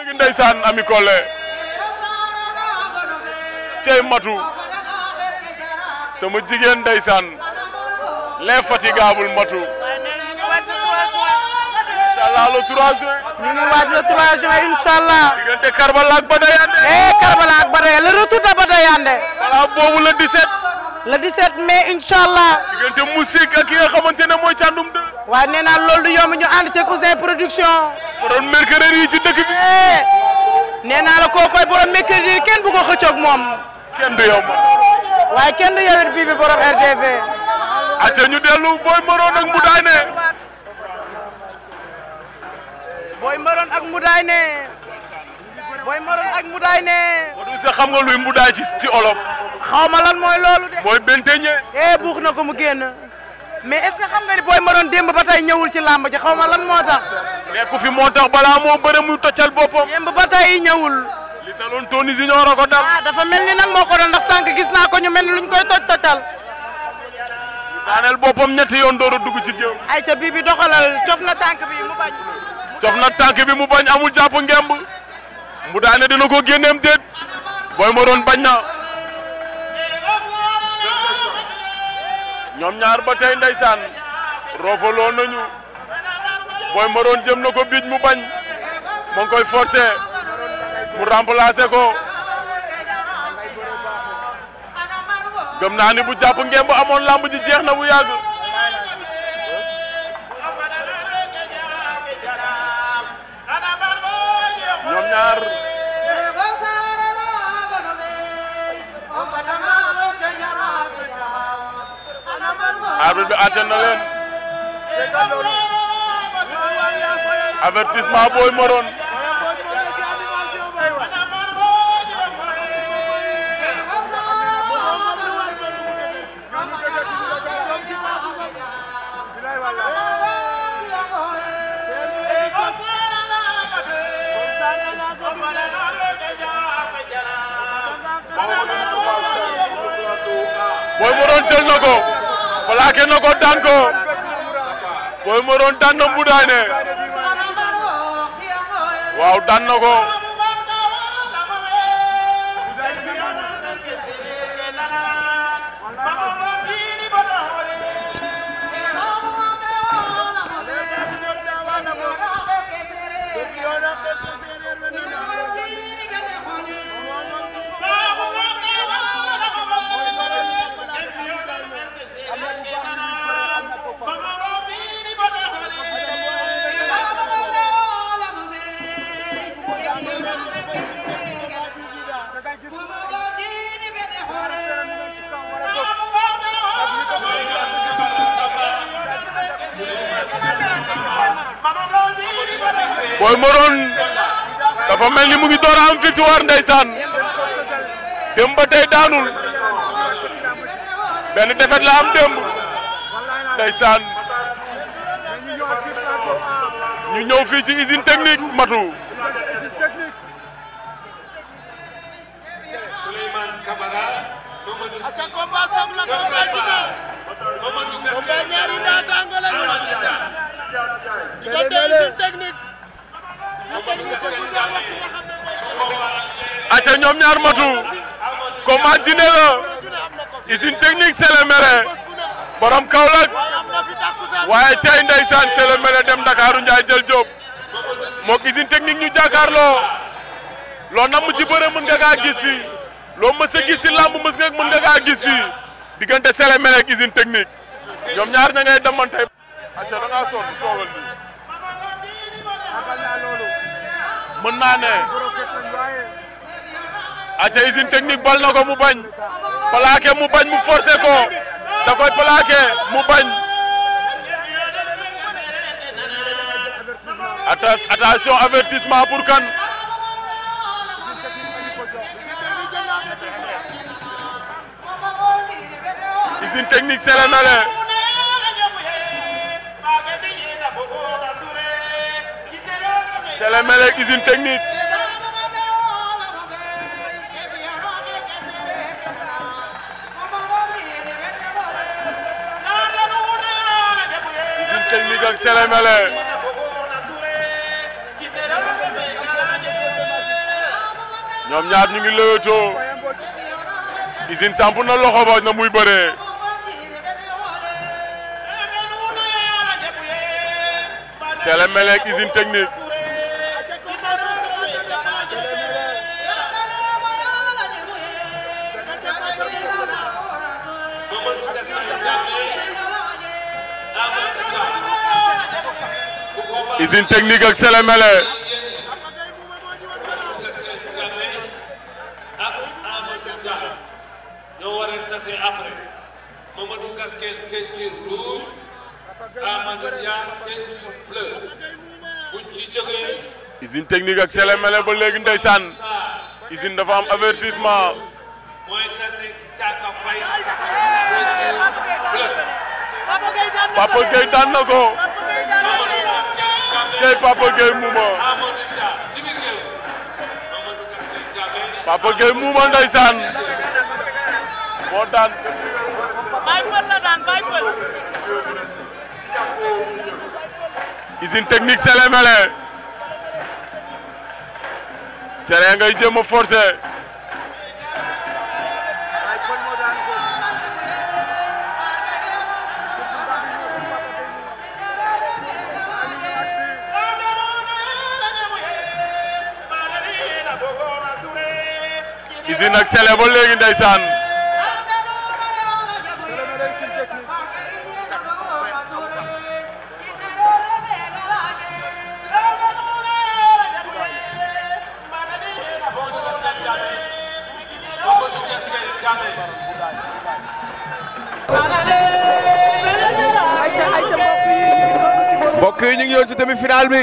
léegi ndeysaan Ami Collé cey matu sama jigéen ndeysaan l'infatigable matu inchaallah le 3 juin ñu ngi waaj le 3 juin inchaallah diggante Karbala ak Badayande eh Karbala ak Badayande de Badayande boobu le 17 le 17 mais incha allah. diggante musique ak ki nga xamante ne mooy Thiandoum 2. waaw nee naa loolu du yomb ñu ànd ceeg Ouzin production. borom mercredi ci dëkk bi. Eh, nee naa la kookoy borom mercredi yi kenn bu ko xëccoog moom. kenn du yomb. waaye kenn du yowit bii bi borom RTV. acca ñu dellu Boy Maroon ak Moudaay ne. mooy morom ak mbudaay ne Modou Isa xam nga luy mbudaay ci ci olof xaw ma lan mooy loolu de mooy benteñe eh buux na ko mu génn mais est ce que xam nga ni booy maroon démb ba tey ñëwul ci làmb ji xaw ma lan moo tax nekku fi moo tax balaa moo bëre mu toccal boppam démb ba tey ñëwul li daloon Tony Junior a ko dal ah dafa mel ni nag moo ko doon ndax sànq gis naa ko ñu mel luñ koy toj toccal daaneel boppam ñetti yoon door a dugg ci géew ay ca bii bi doxalal cof na tànk bi mu bañ cof na tànk bi mu bañ amul jàpp ngemb mu daane dina ko génneem déet booy moroon bañ na ñoom ñaar ba tey ndeysaan roofaloo nañu booy moroon jëm na ko biij mu bañ ma koy forcer mu remplacer ko gëm naa ni bu amoon lamb ji na bu arbitre bi àtte na leen avertissement Boy Maroon na ko plaqué na ko daan ko Boy Maron daan na ne waaw daan ko Boy Morone dafa mel ni mu ngi door a am victoire ndeysaan ba tey daanul benn defet la am démb ndeysaan ñu ñëw fii ci usine matu aca ñoom ñaar matu combat ma la usine technique Sélé Mélé borom Kaolack waaye tey ndeysaan Sélé Mélé dem Ndakaaru Njaay jël Jóob mook usine technique ñu jàkkaarloo loo namm ci bëre mën nga gis fii loo mës a gis si làmb mës nga mën gis fii diggante Sélé Mélé ak usine technique ñoom ñaar ña ngay demante aca da ngaa sonn mën naa ne aca usine technique bal na ko mu bañ plaqué mu bañ mu forcé ko da koy mu bañ attention avertissement pour kan usine technique sere na le Télé Melek usine technique usine ñoom ñaar ñu ngi lëwëtoo usine samp na loxo ba na muy bëree Télé Melek usine technique usine technique ak Sélémélé ñoo war a tase après Mamadou Gaskel ceinture rouge Amadou Dia ba léegi ndeysaan usine dafa am avertissement cey Papa Gueye Mouma Papa Gueye Mouma ndeysaan moo daan Baye Fall la daan Baye Fall usine technique Sele Mele Sele ngay jéem a forcer usine ak sele ba léegi ndeysaan mbokk yi ñu ngi yoon ci demi-finale bi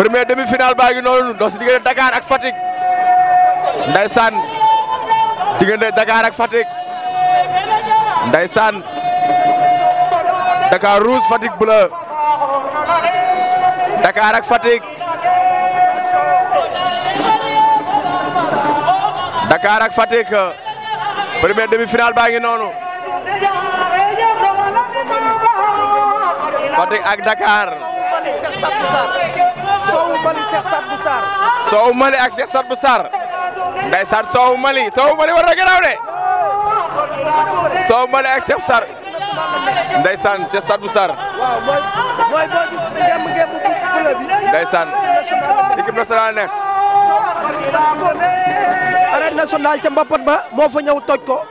premier demi final ba ngi noonu do ci Dakar ak Fatick ndeysaan Dakar ak fatik ndaysan Dakar rouge fatik bleu Dakar ak fatik Dakar ak fatik premier demi final ba ngi noonu fatik ak Dakar Mali Cheikh Sadbou Sarr. Sow Mali ak Cheikh Sadbou Sarr ndeysaan Sow Mali Sow Mali war na gënaaw de Sow Mali ak Cheikh Sarr ndeysaan Cheikh Sadbou Sarr. waaw mooy mooy boo ju gem bu bële bi. ndeysaan équipe nationale ca Mbapat ba moo fa ñëw toj ko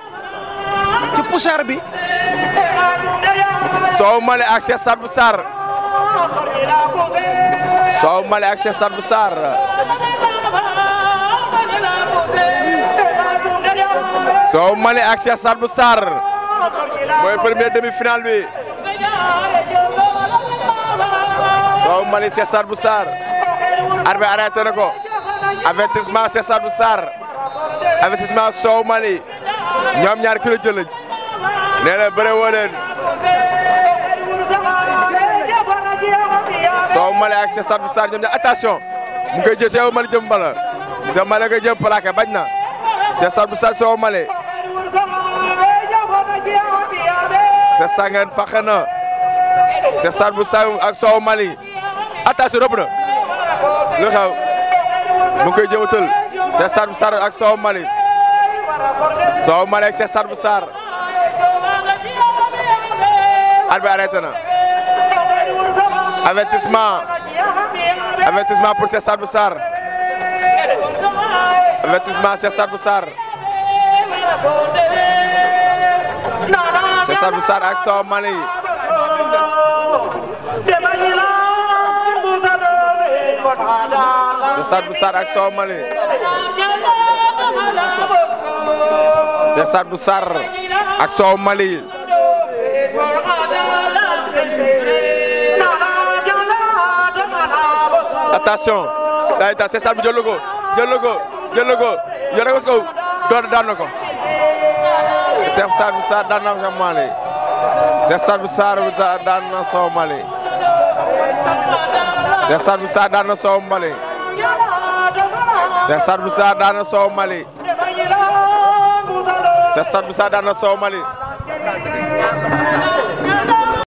ci poussière bi. Sow Mali ak Cheikh Sadbou Sarr. soow male ak Cheikh Sadbou Sarr soow male ak Cheikh Sadbou Sarr mooy premier demi-finale bi soow male Cheikh Sadbou Sarr arbi arrêté na ko avertissement Cheikh Sadbou Sarr avertissement soow male ñoom ñaar kilo jëlañ nee na soo male ak sa sar sar ñoom ña attention mu koy jël soo male jëm bala sa male nga jëm plaqué bañ na sa sar sar soo male sa sangeen faq na sa sar sar ak soo mali attention rëpp na lu xew mu koy jëwatal sa sar sar ak soo mali soo male ak sa sar sar arbitre arrêté na Avertissement. Avertissement pour Cheikh Sadbou Sarr. Avertissement Cheikh Sadbou Sarr. Cheikh Sadbou Sarr ak Mali. Cheikh Sadbou action au Mali. Cheikh Sadbou action au Mali. attention day tas César bi jël na ko jël na ko jël na ko yore ko si kaw doon daan na ko César bi Sarr daan na Mali César bi Sarr daan na Sow Mali César bi Sarr daan na Sow Mali César bi Sarr daan na Sow Mali César bi Sarr daan na Sow Mali